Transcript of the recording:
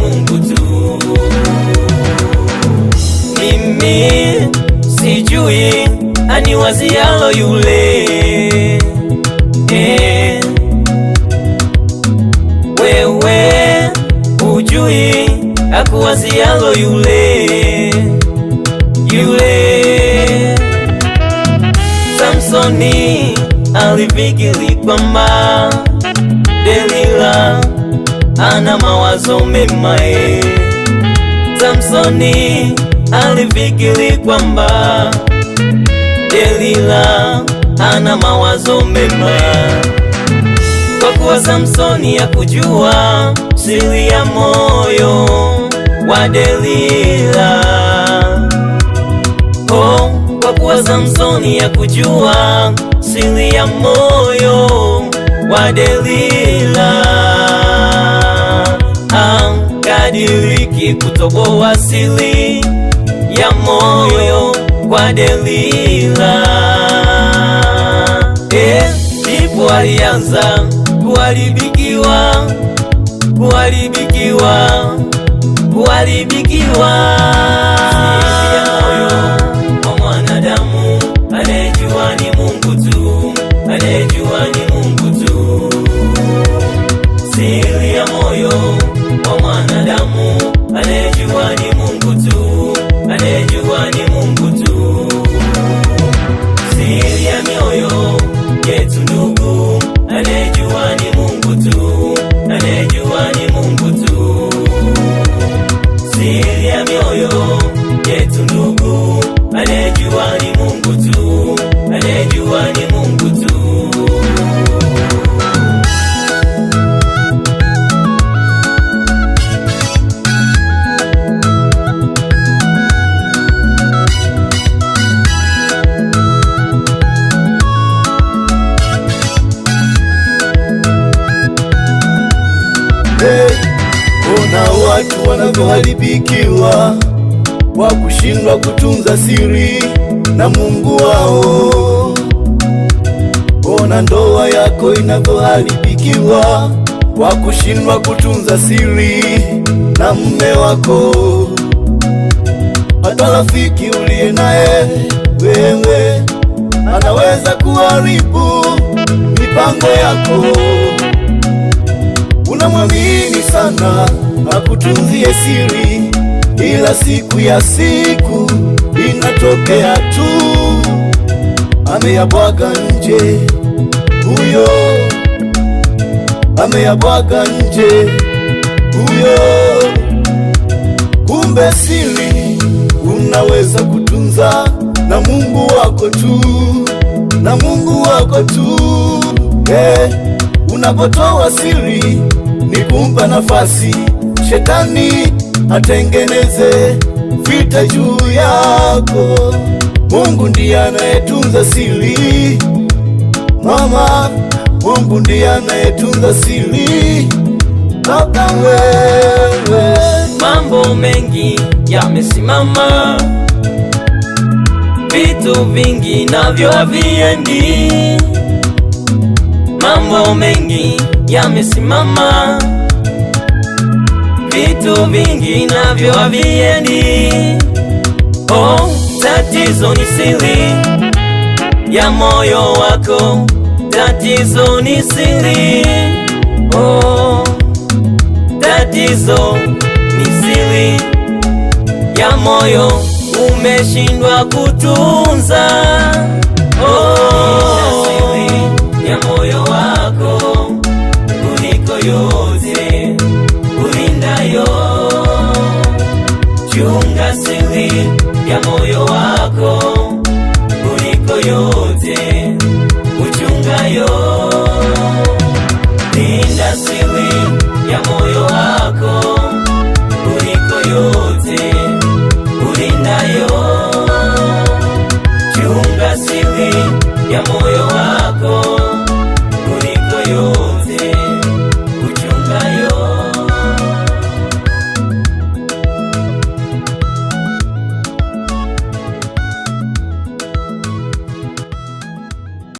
Mungu tu. Mimi sijui aniwazialo yule eh. Wewe ujui akuwazialo yule yule. Samsoni alifikiri kwamba Delila ana mawazo mema. Samsoni alifikiri kwamba Delila ana mawazo mema, kwa kuwa Samsoni hakujua siri ya moyo wa Delila. Oh, kwa kuwa Samsoni hakujua siri ya moyo wa Delila. kubadiliki, kutoboa siri ya moyo kwa Delila. Eh, ndipo alianza kuharibikiwa, kuharibikiwa, kuharibikiwa mioyo yetu na watu wanavyoharibikiwa kwa kushindwa kutunza siri na Mungu wao. Ona ndoa yako inavyoharibikiwa kwa kushindwa kutunza siri na mume wako. Hata rafiki uliye naye wewe anaweza kuharibu mipango yako. Unamwamini sana akutunzie siri, ila siku ya siku inatokea tu, ameyabwaga nje huyo, ameyabwaga nje huyo. Kumbe siri unaweza kutunza na Mungu wako tu, na Mungu wako tu eh, unapotoa siri ni kumpa nafasi shetani atengeneze vita juu yako. Mungu ndiye anayetunza siri, mama. Mungu ndiye anayetunza siri, baba. Wewe mambo mengi yamesimama, vitu vingi navyo haviendi, mambo mengi yamesimama vitu vingi navyo haviendi. Oh, tatizo ni siri ya moyo wako, tatizo ni siri. Oh, tatizo ni siri ya moyo umeshindwa kutunza. Oh. ya moyo wangu